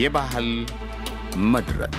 የባህል መድረክ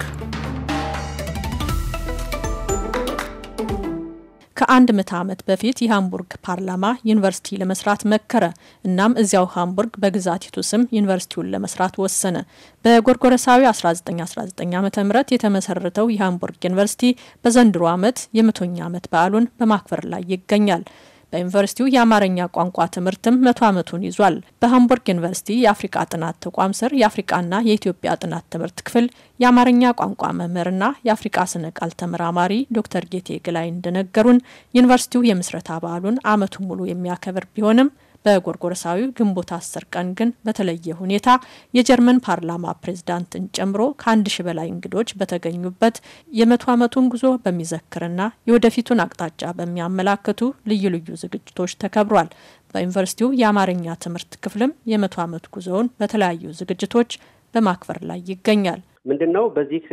ከአንድ ምዕተ ዓመት በፊት የሃምቡርግ ፓርላማ ዩኒቨርሲቲ ለመስራት መከረ። እናም እዚያው ሃምቡርግ በግዛቲቱ ስም ዩኒቨርሲቲውን ለመስራት ወሰነ። በጎርጎረሳዊ 1919 ዓ ም የተመሰረተው የሃምቡርግ ዩኒቨርሲቲ በዘንድሮ ዓመት የመቶኛ ዓመት በዓሉን በማክበር ላይ ይገኛል። በዩኒቨርሲቲው የአማርኛ ቋንቋ ትምህርትም መቶ ዓመቱን ይዟል። በሃምቡርግ ዩኒቨርሲቲ የአፍሪቃ ጥናት ተቋም ስር የአፍሪቃና የኢትዮጵያ ጥናት ትምህርት ክፍል የአማርኛ ቋንቋ መምህርና የአፍሪቃ ስነ ቃል ተመራማሪ ዶክተር ጌቴ ግላይ እንደነገሩን ዩኒቨርሲቲው የምስረታ በዓሉን ዓመቱን ሙሉ የሚያከብር ቢሆንም በጎርጎረሳዊው ግንቦት አስር ቀን ግን በተለየ ሁኔታ የጀርመን ፓርላማ ፕሬዝዳንትን ጨምሮ ከአንድ ሺ በላይ እንግዶች በተገኙበት የመቶ ዓመቱን ጉዞ በሚዘክርና የወደፊቱን አቅጣጫ በሚያመላክቱ ልዩ ልዩ ዝግጅቶች ተከብሯል። በዩኒቨርሲቲው የአማርኛ ትምህርት ክፍልም የመቶ ዓመት ጉዞውን በተለያዩ ዝግጅቶች በማክበር ላይ ይገኛል። ምንድን ነው በዚህ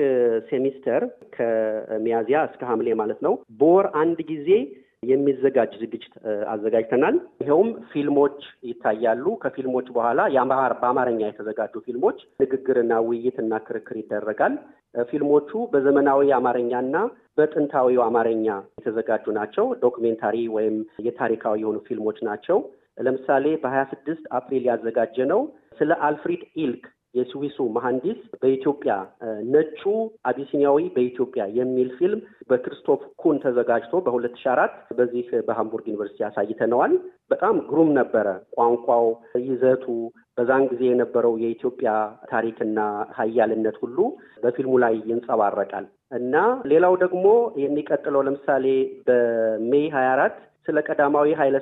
ሴሚስተር ከሚያዚያ እስከ ሐምሌ ማለት ነው በወር አንድ ጊዜ የሚዘጋጅ ዝግጅት አዘጋጅተናል። ይኸውም ፊልሞች ይታያሉ። ከፊልሞች በኋላ በአማርኛ የተዘጋጁ ፊልሞች ንግግርና ውይይትና ክርክር ይደረጋል። ፊልሞቹ በዘመናዊ አማርኛና በጥንታዊው አማርኛ የተዘጋጁ ናቸው። ዶክሜንታሪ ወይም የታሪካዊ የሆኑ ፊልሞች ናቸው። ለምሳሌ በሀያ ስድስት አፕሪል ያዘጋጀ ነው ስለ አልፍሪድ ኢልክ የስዊሱ መሐንዲስ በኢትዮጵያ ነጩ አቢሲኒያዊ በኢትዮጵያ የሚል ፊልም በክሪስቶፍ ኩን ተዘጋጅቶ በሁለት ሺ አራት በዚህ በሃምቡርግ ዩኒቨርሲቲ አሳይተነዋል። በጣም ግሩም ነበረ። ቋንቋው፣ ይዘቱ በዛን ጊዜ የነበረው የኢትዮጵያ ታሪክና ሀያልነት ሁሉ በፊልሙ ላይ ይንጸባረቃል እና ሌላው ደግሞ የሚቀጥለው ለምሳሌ በሜይ ሀያ አራት ስለ ቀዳማዊ ኃይለ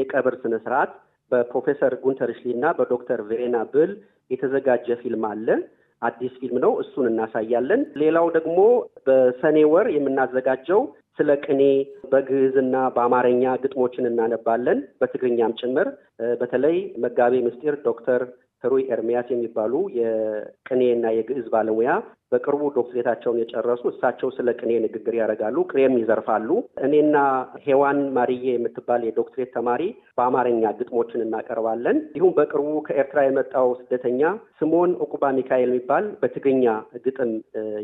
የቀብር ስነ ስርዓት በፕሮፌሰር ጉንተር ሽሊ እና በዶክተር ቬሬና ብል የተዘጋጀ ፊልም አለ። አዲስ ፊልም ነው። እሱን እናሳያለን። ሌላው ደግሞ በሰኔ ወር የምናዘጋጀው ስለ ቅኔ እና በአማርኛ ግጥሞችን እናነባለን፣ በትግርኛም ጭምር። በተለይ መጋቤ ምስጢር ዶክተር ህሩይ ኤርሚያስ የሚባሉ የቅኔና የግዕዝ ባለሙያ በቅርቡ ዶክትሬታቸውን የጨረሱ እሳቸው ስለ ቅኔ ንግግር ያደርጋሉ፣ ቅኔም ይዘርፋሉ። እኔና ሄዋን ማርዬ የምትባል የዶክትሬት ተማሪ በአማርኛ ግጥሞችን እናቀርባለን። እንዲሁም በቅርቡ ከኤርትራ የመጣው ስደተኛ ስሞን ዕቁባ ሚካኤል የሚባል በትግኛ ግጥም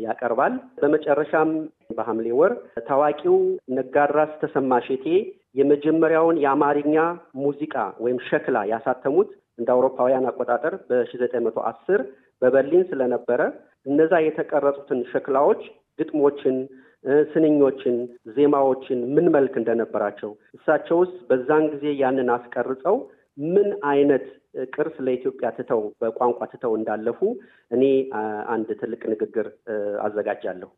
ያቀርባል። በመጨረሻም በሐምሌ ወር ታዋቂው ነጋድራስ ተሰማ ሼቴ የመጀመሪያውን የአማርኛ ሙዚቃ ወይም ሸክላ ያሳተሙት እንደ አውሮፓውያን አቆጣጠር በ1910 በበርሊን ስለነበረ እነዛ የተቀረጹትን ሸክላዎች ግጥሞችን፣ ስንኞችን፣ ዜማዎችን ምን መልክ እንደነበራቸው እሳቸውስ በዛን ጊዜ ያንን አስቀርጸው ምን አይነት ቅርስ ለኢትዮጵያ ትተው በቋንቋ ትተው እንዳለፉ እኔ አንድ ትልቅ ንግግር አዘጋጃለሁ።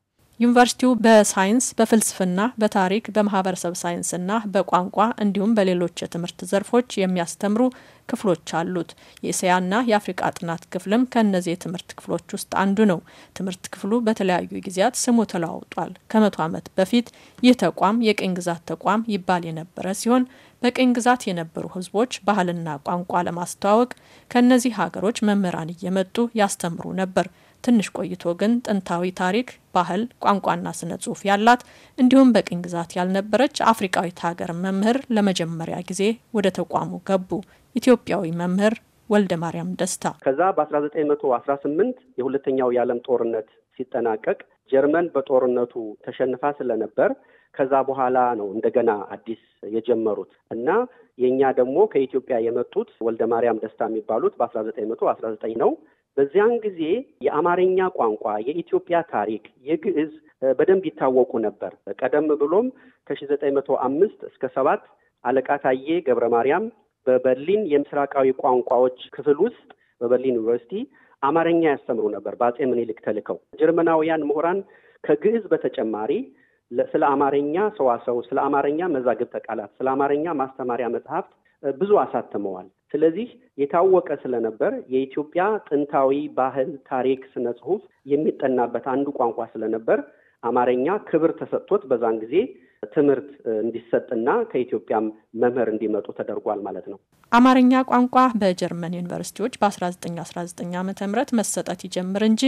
ዩኒቨርሲቲው በሳይንስ፣ በፍልስፍና፣ በታሪክ፣ በማህበረሰብ ሳይንስና በቋንቋ እንዲሁም በሌሎች የትምህርት ዘርፎች የሚያስተምሩ ክፍሎች አሉት። የእስያና የአፍሪቃ ጥናት ክፍልም ከእነዚህ የትምህርት ክፍሎች ውስጥ አንዱ ነው። ትምህርት ክፍሉ በተለያዩ ጊዜያት ስሙ ተለዋውጧል። ከመቶ ዓመት በፊት ይህ ተቋም የቅኝ ግዛት ተቋም ይባል የነበረ ሲሆን በቅኝ ግዛት የነበሩ ህዝቦች ባህልና ቋንቋ ለማስተዋወቅ ከእነዚህ ሀገሮች መምህራን እየመጡ ያስተምሩ ነበር። ትንሽ ቆይቶ ግን ጥንታዊ ታሪክ፣ ባህል፣ ቋንቋና ስነ ጽሁፍ ያላት እንዲሁም በቅኝ ግዛት ያልነበረች አፍሪቃዊት ሀገር መምህር ለመጀመሪያ ጊዜ ወደ ተቋሙ ገቡ። ኢትዮጵያዊ መምህር ወልደ ማርያም ደስታ። ከዛ በ1918 የሁለተኛው የዓለም ጦርነት ሲጠናቀቅ ጀርመን በጦርነቱ ተሸንፋ ስለነበር ከዛ በኋላ ነው እንደገና አዲስ የጀመሩት እና የእኛ ደግሞ ከኢትዮጵያ የመጡት ወልደ ማርያም ደስታ የሚባሉት በ1919 ነው። በዚያን ጊዜ የአማርኛ ቋንቋ፣ የኢትዮጵያ ታሪክ፣ የግዕዝ በደንብ ይታወቁ ነበር። ቀደም ብሎም ከ 1905 እስከ ሰባት አለቃ ታዬ ገብረ ማርያም በበርሊን የምስራቃዊ ቋንቋዎች ክፍል ውስጥ በበርሊን ዩኒቨርሲቲ አማርኛ ያስተምሩ ነበር። በአጼ ምኒልክ ተልከው ጀርመናውያን ምሁራን ከግዕዝ በተጨማሪ ስለ አማርኛ ሰዋሰው፣ ስለ አማርኛ መዛግብተ ቃላት፣ ስለ አማርኛ ማስተማሪያ መጽሐፍት ብዙ አሳትመዋል። ስለዚህ የታወቀ ስለነበር የኢትዮጵያ ጥንታዊ ባህል፣ ታሪክ፣ ስነ ጽሁፍ የሚጠናበት አንዱ ቋንቋ ስለነበር አማርኛ ክብር ተሰጥቶት በዛን ጊዜ ትምህርት እንዲሰጥና ከኢትዮጵያም መምህር እንዲመጡ ተደርጓል ማለት ነው። አማርኛ ቋንቋ በጀርመን ዩኒቨርሲቲዎች በ1919 ዓ ም መሰጠት ይጀምር እንጂ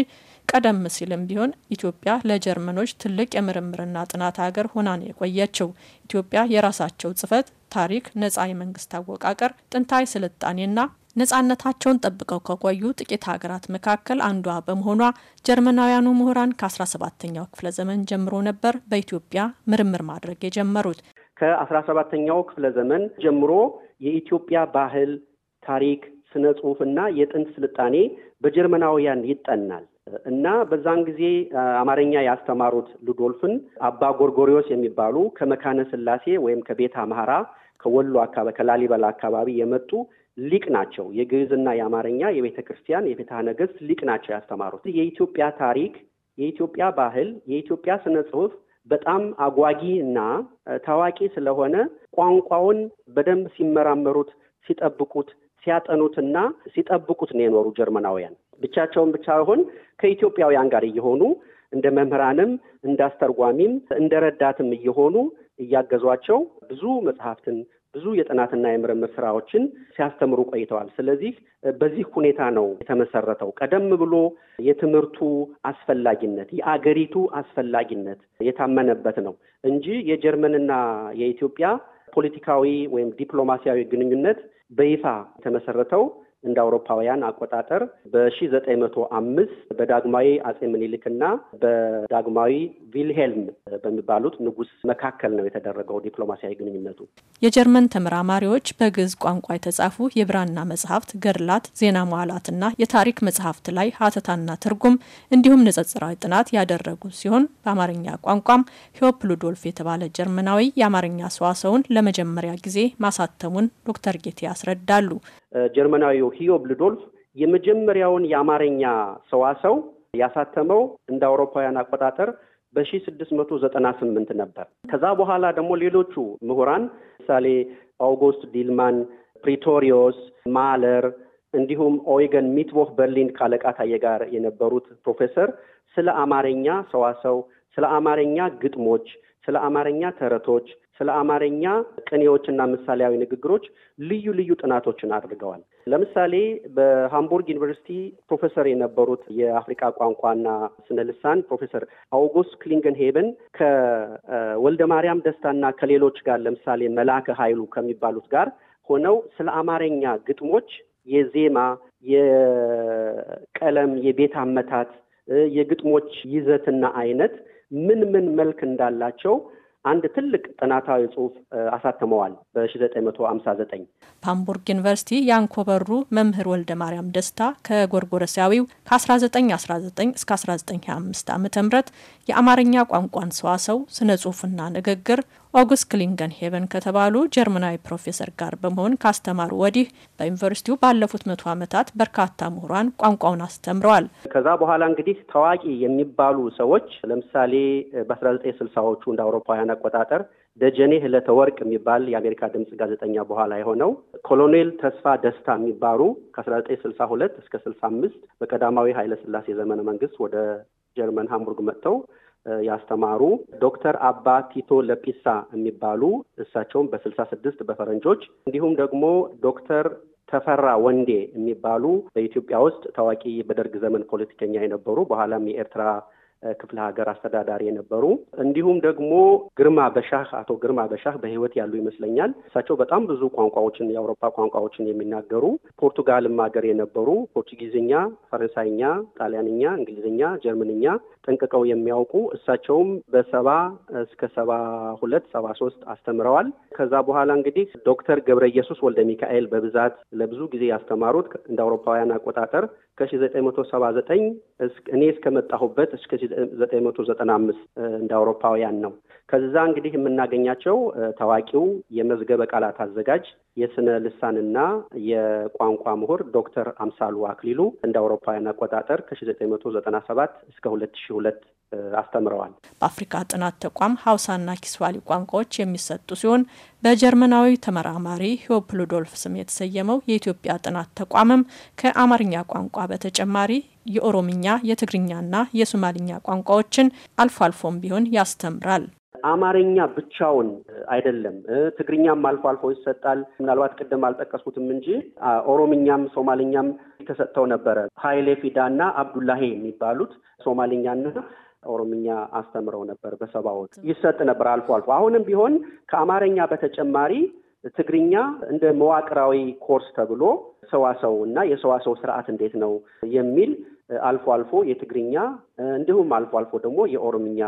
ቀደም ሲልም ቢሆን ኢትዮጵያ ለጀርመኖች ትልቅ የምርምርና ጥናት ሀገር ሆና ነው የቆየችው። ኢትዮጵያ የራሳቸው ጽፈት ታሪክ፣ ነጻ የመንግስት አወቃቀር፣ ጥንታዊ ስልጣኔና ነጻነታቸውን ጠብቀው ከቆዩ ጥቂት ሀገራት መካከል አንዷ በመሆኗ ጀርመናውያኑ ምሁራን ከ17ኛው ክፍለ ዘመን ጀምሮ ነበር በኢትዮጵያ ምርምር ማድረግ የጀመሩት። ከ17ኛው ክፍለ ዘመን ጀምሮ የኢትዮጵያ ባህል፣ ታሪክ፣ ስነ ጽሁፍና የጥንት ስልጣኔ በጀርመናውያን ይጠናል። እና በዛን ጊዜ አማርኛ ያስተማሩት ሉዶልፍን አባ ጎርጎሪዎስ የሚባሉ ከመካነ ስላሴ ወይም ከቤት አምሐራ ከወሎ አካባቢ ከላሊበላ አካባቢ የመጡ ሊቅ ናቸው። የግዕዝና የአማርኛ የቤተ ክርስቲያን የፍትሐ ነገሥት ሊቅ ናቸው ያስተማሩት። የኢትዮጵያ ታሪክ፣ የኢትዮጵያ ባህል፣ የኢትዮጵያ ስነ ጽሁፍ በጣም አጓጊ እና ታዋቂ ስለሆነ ቋንቋውን በደንብ ሲመራመሩት ሲጠብቁት ሲያጠኑትና ሲጠብቁት ነው የኖሩ ጀርመናውያን። ብቻቸውን ብቻ ይሆን ከኢትዮጵያውያን ጋር እየሆኑ እንደ መምህራንም እንደ አስተርጓሚም እንደ ረዳትም እየሆኑ እያገዟቸው ብዙ መጽሐፍትን ብዙ የጥናትና የምርምር ስራዎችን ሲያስተምሩ ቆይተዋል። ስለዚህ በዚህ ሁኔታ ነው የተመሰረተው። ቀደም ብሎ የትምህርቱ አስፈላጊነት የአገሪቱ አስፈላጊነት የታመነበት ነው እንጂ የጀርመንና የኢትዮጵያ ፖለቲካዊ ወይም ዲፕሎማሲያዊ ግንኙነት በይፋ የተመሰረተው እንደ አውሮፓውያን አቆጣጠር በ ዘጠኝ መቶ አምስት በዳግማዊ አጼ ምኒልክና በዳግማዊ ቪልሄልም በሚባሉት ንጉስ መካከል ነው የተደረገው ዲፕሎማሲያዊ ግንኙነቱ። የጀርመን ተመራማሪዎች በግዕዝ ቋንቋ የተጻፉ የብራና መጽሐፍት፣ ገድላት፣ ዜና መዋላትና የታሪክ መጽሐፍት ላይ ሀተታና ትርጉም እንዲሁም ንጽጽራዊ ጥናት ያደረጉ ሲሆን በአማርኛ ቋንቋም ሂዮፕ ሉዶልፍ የተባለ ጀርመናዊ የአማርኛ ሰዋሰውን ለመጀመሪያ ጊዜ ማሳተሙን ዶክተር ጌቴ ያስረዳሉ። ጀርመናዊው ሂዮብ ልዶልፍ የመጀመሪያውን የአማርኛ ሰዋሰው ያሳተመው እንደ አውሮፓውያን አቆጣጠር በሺ ስድስት መቶ ዘጠና ስምንት ነበር። ከዛ በኋላ ደግሞ ሌሎቹ ምሁራን ምሳሌ አውጎስት ዲልማን፣ ፕሪቶሪዮስ፣ ማለር እንዲሁም ኦይገን ሚትቦህ በርሊን ካለቃ ታዬ ጋር የነበሩት ፕሮፌሰር ስለ አማርኛ ሰዋሰው፣ ስለ አማርኛ ግጥሞች ስለ አማርኛ ተረቶች፣ ስለ አማርኛ ቅኔዎችና ምሳሌያዊ ንግግሮች ልዩ ልዩ ጥናቶችን አድርገዋል። ለምሳሌ በሃምቡርግ ዩኒቨርሲቲ ፕሮፌሰር የነበሩት የአፍሪካ ቋንቋና ስነ ልሳን ፕሮፌሰር አውጉስት ክሊንገንሄብን ከወልደ ማርያም ደስታና ከሌሎች ጋር ለምሳሌ መላከ ኃይሉ ከሚባሉት ጋር ሆነው ስለ አማርኛ ግጥሞች የዜማ፣ የቀለም፣ የቤት አመታት፣ የግጥሞች ይዘትና አይነት ምን ምን መልክ እንዳላቸው አንድ ትልቅ ጥናታዊ ጽሁፍ አሳትመዋል በ1959። በሃምቡርግ ዩኒቨርሲቲ ያንኮበሩ መምህር ወልደ ማርያም ደስታ ከጎርጎረሳዊው ከ1919 እስከ 1925 ዓ ም የአማርኛ ቋንቋን ሰዋሰው ስነ ጽሁፍና ንግግር ኦጉስት ክሊንገን ሄቨን ከተባሉ ጀርመናዊ ፕሮፌሰር ጋር በመሆን ካስተማሩ ወዲህ በዩኒቨርሲቲው ባለፉት መቶ ዓመታት በርካታ ምሁራን ቋንቋውን አስተምረዋል። ከዛ በኋላ እንግዲህ ታዋቂ የሚባሉ ሰዎች ለምሳሌ በአስራ ዘጠኝ ስልሳዎቹ እንደ አውሮፓውያን አቆጣጠር ደጀኔ ህለተ ወርቅ የሚባል የአሜሪካ ድምፅ ጋዜጠኛ በኋላ የሆነው ኮሎኔል ተስፋ ደስታ የሚባሉ ከአስራ ዘጠኝ ስልሳ ሁለት እስከ ስልሳ አምስት በቀዳማዊ ኃይለ ስላሴ ዘመነ መንግስት ወደ ጀርመን ሃምቡርግ መጥተው ያስተማሩ ዶክተር አባ ቲቶ ለጲሳ የሚባሉ እሳቸውም በስልሳ ስድስት በፈረንጆች እንዲሁም ደግሞ ዶክተር ተፈራ ወንዴ የሚባሉ በኢትዮጵያ ውስጥ ታዋቂ በደርግ ዘመን ፖለቲከኛ የነበሩ በኋላም የኤርትራ ክፍለ ሀገር አስተዳዳሪ የነበሩ እንዲሁም ደግሞ ግርማ በሻህ አቶ ግርማ በሻህ በህይወት ያሉ ይመስለኛል። እሳቸው በጣም ብዙ ቋንቋዎችን የአውሮፓ ቋንቋዎችን የሚናገሩ ፖርቱጋልም ሀገር የነበሩ ፖርቹጊዝኛ፣ ፈረንሳይኛ፣ ጣሊያንኛ፣ እንግሊዝኛ፣ ጀርመንኛ ጠንቅቀው የሚያውቁ እሳቸውም በሰባ እስከ ሰባ ሁለት ሰባ ሶስት አስተምረዋል። ከዛ በኋላ እንግዲህ ዶክተር ገብረ ኢየሱስ ወልደ ሚካኤል በብዛት ለብዙ ጊዜ ያስተማሩት እንደ አውሮፓውያን አቆጣጠር ከሺ ዘጠኝ መቶ ሰባ ዘጠኝ እኔ እስከመጣሁበት እስከ ዘጠኝ መቶ ዘጠና አምስት እንደ አውሮፓውያን ነው። ከዛ እንግዲህ የምናገኛቸው ታዋቂው የመዝገበ ቃላት አዘጋጅ የስነ ልሳንና የቋንቋ ምሁር ዶክተር አምሳሉ አክሊሉ እንደ አውሮፓውያን አቆጣጠር ከ1997 እስከ 2002 አስተምረዋል። በአፍሪካ ጥናት ተቋም ሀውሳና ኪስዋሊ ቋንቋዎች የሚሰጡ ሲሆን በጀርመናዊ ተመራማሪ ሂዮፕ ሉዶልፍ ስም የተሰየመው የኢትዮጵያ ጥናት ተቋምም ከአማርኛ ቋንቋ በተጨማሪ የኦሮምኛ፣ የትግርኛና የሶማሊኛ ቋንቋዎችን አልፎ አልፎም ቢሆን ያስተምራል። አማርኛ ብቻውን አይደለም፣ ትግርኛም አልፎ አልፎ ይሰጣል። ምናልባት ቅድም አልጠቀስኩትም እንጂ ኦሮምኛም ሶማልኛም ተሰጥተው ነበረ። ሀይሌ ፊዳ እና አብዱላሄ የሚባሉት ሶማልኛና ኦሮምኛ አስተምረው ነበር። በሰባዎቹ ይሰጥ ነበር አልፎ አልፎ። አሁንም ቢሆን ከአማርኛ በተጨማሪ ትግርኛ እንደ መዋቅራዊ ኮርስ ተብሎ ሰዋሰው እና የሰዋሰው ስርዓት እንዴት ነው የሚል አልፎ አልፎ የትግርኛ እንዲሁም አልፎ አልፎ ደግሞ የኦሮምኛ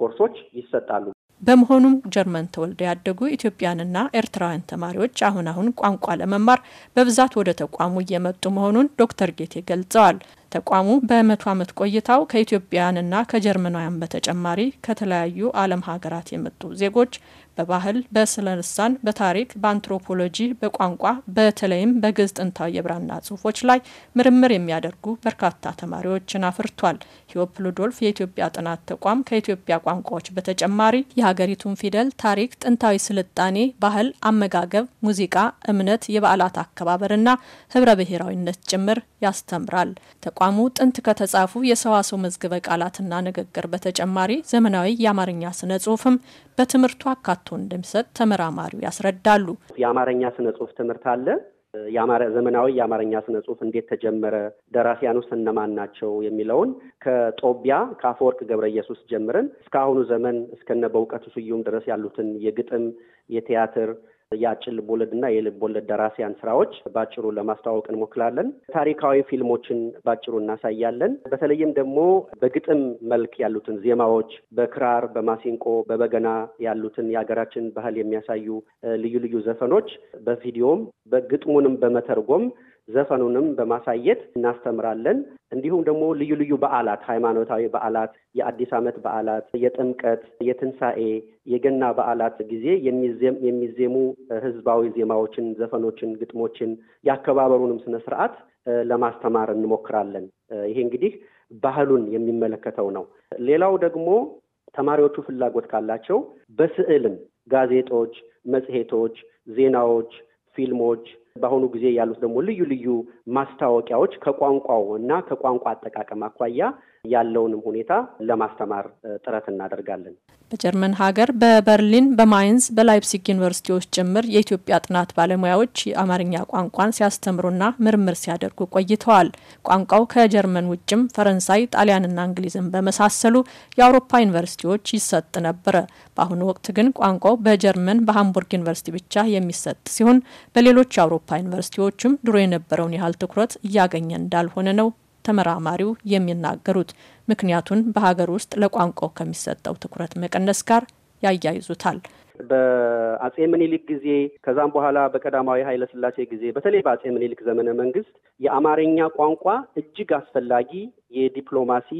ኮርሶች ይሰጣሉ። በመሆኑም ጀርመን ተወልደው ያደጉ ኢትዮጵያንና ኤርትራውያን ተማሪዎች አሁን አሁን ቋንቋ ለመማር በብዛት ወደ ተቋሙ እየመጡ መሆኑን ዶክተር ጌቴ ገልጸዋል። ተቋሙ በመቶ ዓመት ቆይታው ከኢትዮጵያውያንና ከጀርመናውያን በተጨማሪ ከተለያዩ ዓለም ሀገራት የመጡ ዜጎች በባህል፣ በስነ ልሳን፣ በታሪክ፣ በአንትሮፖሎጂ፣ በቋንቋ በተለይም በግዕዝ ጥንታዊ የብራና ጽሑፎች ላይ ምርምር የሚያደርጉ በርካታ ተማሪዎችን አፍርቷል። ሂዮፕ ሉዶልፍ የኢትዮጵያ ጥናት ተቋም ከኢትዮጵያ ቋንቋዎች በተጨማሪ የሀገሪቱን ፊደል፣ ታሪክ፣ ጥንታዊ ስልጣኔ፣ ባህል፣ አመጋገብ፣ ሙዚቃ፣ እምነት፣ የበዓላት አከባበርና ህብረ ብሔራዊነት ጭምር ያስተምራል። ተቋሙ ጥንት ከተጻፉ የሰዋሰው መዝግበ ቃላትና ንግግር በተጨማሪ ዘመናዊ የአማርኛ ስነ ጽሁፍም በትምህርቱ አካቶ እንደሚሰጥ ተመራማሪው ያስረዳሉ። የአማርኛ ስነ ጽሁፍ ትምህርት አለ። ዘመናዊ የአማርኛ ስነ ጽሁፍ እንዴት ተጀመረ፣ ደራሲያኑስ እነማን ናቸው የሚለውን ከጦቢያ ከአፈወርቅ ገብረ ኢየሱስ ጀምረን እስከ አሁኑ ዘመን እስከነ በእውቀቱ ስዩም ድረስ ያሉትን የግጥም የቲያትር የአጭር ልቦለድ ወለድና የልብ ወለድ ደራሲያን ስራዎች ባጭሩ ለማስተዋወቅ እንሞክላለን። ታሪካዊ ፊልሞችን ባጭሩ እናሳያለን። በተለይም ደግሞ በግጥም መልክ ያሉትን ዜማዎች፣ በክራር፣ በማሲንቆ፣ በበገና ያሉትን የሀገራችን ባህል የሚያሳዩ ልዩ ልዩ ዘፈኖች በቪዲዮም በግጥሙንም በመተርጎም ዘፈኑንም በማሳየት እናስተምራለን። እንዲሁም ደግሞ ልዩ ልዩ በዓላት፣ ሃይማኖታዊ በዓላት፣ የአዲስ ዓመት በዓላት፣ የጥምቀት፣ የትንሣኤ፣ የገና በዓላት ጊዜ የሚዜሙ ህዝባዊ ዜማዎችን፣ ዘፈኖችን፣ ግጥሞችን ያከባበሩንም ስነ ስርዓት ለማስተማር እንሞክራለን። ይሄ እንግዲህ ባህሉን የሚመለከተው ነው። ሌላው ደግሞ ተማሪዎቹ ፍላጎት ካላቸው በስዕልም ጋዜጦች፣ መጽሔቶች፣ ዜናዎች፣ ፊልሞች በአሁኑ ጊዜ ያሉት ደግሞ ልዩ ልዩ ማስታወቂያዎች ከቋንቋው እና ከቋንቋ አጠቃቀም አኳያ ያለውንም ሁኔታ ለማስተማር ጥረት እናደርጋለን። በጀርመን ሀገር በበርሊን፣ በማይንስ፣ በላይፕሲግ ዩኒቨርሲቲዎች ጭምር የኢትዮጵያ ጥናት ባለሙያዎች የአማርኛ ቋንቋን ሲያስተምሩና ምርምር ሲያደርጉ ቆይተዋል። ቋንቋው ከጀርመን ውጭም ፈረንሳይ፣ ጣሊያንና እንግሊዝን በመሳሰሉ የአውሮፓ ዩኒቨርሲቲዎች ይሰጥ ነበረ። በአሁኑ ወቅት ግን ቋንቋው በጀርመን በሃምቡርግ ዩኒቨርሲቲ ብቻ የሚሰጥ ሲሆን በሌሎች አውሮ የአውሮፓ ዩኒቨርሲቲዎችም ድሮ የነበረውን ያህል ትኩረት እያገኘ እንዳልሆነ ነው ተመራማሪው የሚናገሩት። ምክንያቱን በሀገር ውስጥ ለቋንቋው ከሚሰጠው ትኩረት መቀነስ ጋር ያያይዙታል። በአጼ ምኒልክ ጊዜ ከዛም በኋላ በቀዳማዊ ኃይለ ስላሴ ጊዜ በተለይ በአጼ ምኒልክ ዘመነ መንግስት የአማርኛ ቋንቋ እጅግ አስፈላጊ የዲፕሎማሲ፣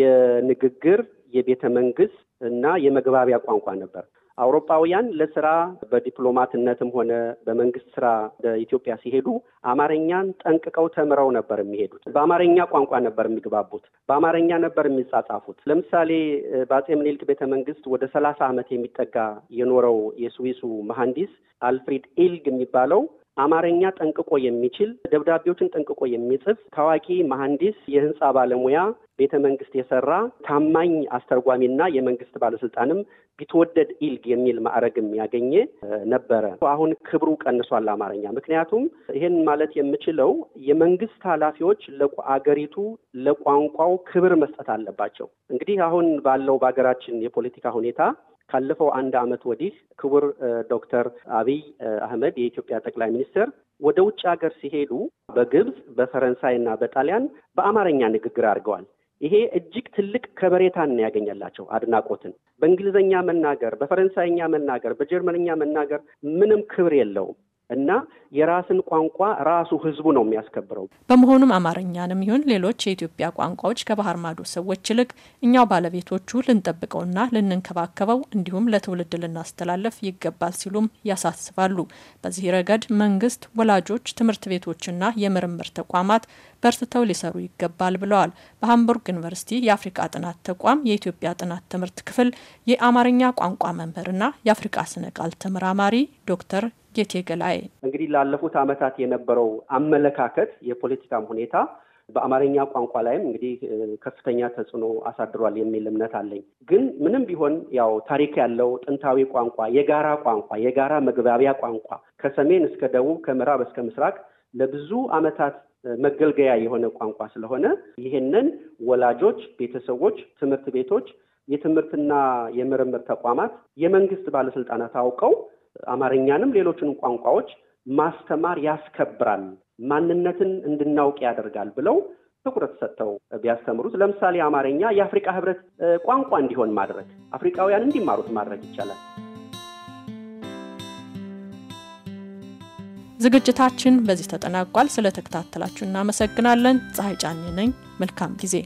የንግግር፣ የቤተ መንግስት እና የመግባቢያ ቋንቋ ነበር። አውሮፓውያን ለስራ በዲፕሎማትነትም ሆነ በመንግስት ስራ በኢትዮጵያ ሲሄዱ አማርኛን ጠንቅቀው ተምረው ነበር የሚሄዱት። በአማርኛ ቋንቋ ነበር የሚግባቡት፣ በአማርኛ ነበር የሚጻጻፉት። ለምሳሌ በአጼ ምኒልክ ቤተ መንግስት ወደ ሰላሳ ዓመት የሚጠጋ የኖረው የስዊሱ መሐንዲስ አልፍሪድ ኢልግ የሚባለው አማርኛ ጠንቅቆ የሚችል ደብዳቤዎችን ጠንቅቆ የሚጽፍ ታዋቂ መሐንዲስ፣ የህንፃ ባለሙያ ቤተ መንግስት የሰራ ታማኝ አስተርጓሚና የመንግስት ባለስልጣንም ቢትወደድ ኢልግ የሚል ማዕረግም ያገኘ ነበረ። አሁን ክብሩ ቀንሷል አማርኛ። ምክንያቱም ይሄን ማለት የምችለው የመንግስት ኃላፊዎች ለአገሪቱ ለቋንቋው ክብር መስጠት አለባቸው። እንግዲህ አሁን ባለው በሀገራችን የፖለቲካ ሁኔታ ካለፈው አንድ ዓመት ወዲህ ክቡር ዶክተር አብይ አህመድ የኢትዮጵያ ጠቅላይ ሚኒስትር ወደ ውጭ ሀገር ሲሄዱ በግብፅ፣ በፈረንሳይ እና በጣሊያን በአማርኛ ንግግር አድርገዋል። ይሄ እጅግ ትልቅ ከበሬታን ያገኘላቸው አድናቆትን። በእንግሊዝኛ መናገር፣ በፈረንሳይኛ መናገር፣ በጀርመንኛ መናገር ምንም ክብር የለውም። እና የራስን ቋንቋ ራሱ ህዝቡ ነው የሚያስከብረው። በመሆኑም አማርኛንም ይሁን ሌሎች የኢትዮጵያ ቋንቋዎች ከባህር ማዶ ሰዎች ይልቅ እኛው ባለቤቶቹ ልንጠብቀውና ልንንከባከበው እንዲሁም ለትውልድ ልናስተላለፍ ይገባል ሲሉም ያሳስባሉ። በዚህ ረገድ መንግስት፣ ወላጆች፣ ትምህርት ቤቶችና የምርምር ተቋማት በርትተው ሊሰሩ ይገባል ብለዋል። በሃምቡርግ ዩኒቨርሲቲ የአፍሪቃ ጥናት ተቋም የኢትዮጵያ ጥናት ትምህርት ክፍል የአማርኛ ቋንቋ መምህርና የአፍሪቃ ስነ ቃል ተመራማሪ ዶክተር ጌቴ ገላይ እንግዲህ ላለፉት ዓመታት የነበረው አመለካከት የፖለቲካም ሁኔታ በአማርኛ ቋንቋ ላይም እንግዲህ ከፍተኛ ተጽዕኖ አሳድሯል የሚል እምነት አለኝ። ግን ምንም ቢሆን ያው ታሪክ ያለው ጥንታዊ ቋንቋ፣ የጋራ ቋንቋ፣ የጋራ መግባቢያ ቋንቋ ከሰሜን እስከ ደቡብ ከምዕራብ እስከ ምስራቅ ለብዙ ዓመታት መገልገያ የሆነ ቋንቋ ስለሆነ ይህንን ወላጆች፣ ቤተሰቦች፣ ትምህርት ቤቶች፣ የትምህርትና የምርምር ተቋማት፣ የመንግስት ባለስልጣናት አውቀው አማርኛንም ሌሎችንም ቋንቋዎች ማስተማር ያስከብራል፣ ማንነትን እንድናውቅ ያደርጋል ብለው ትኩረት ሰጥተው ቢያስተምሩት፣ ለምሳሌ አማርኛ የአፍሪቃ ህብረት ቋንቋ እንዲሆን ማድረግ አፍሪካውያን እንዲማሩት ማድረግ ይቻላል። ዝግጅታችን በዚህ ተጠናቋል። ስለተከታተላችሁ እናመሰግናለን። ፀሐይ ጫኝ ነኝ። መልካም ጊዜ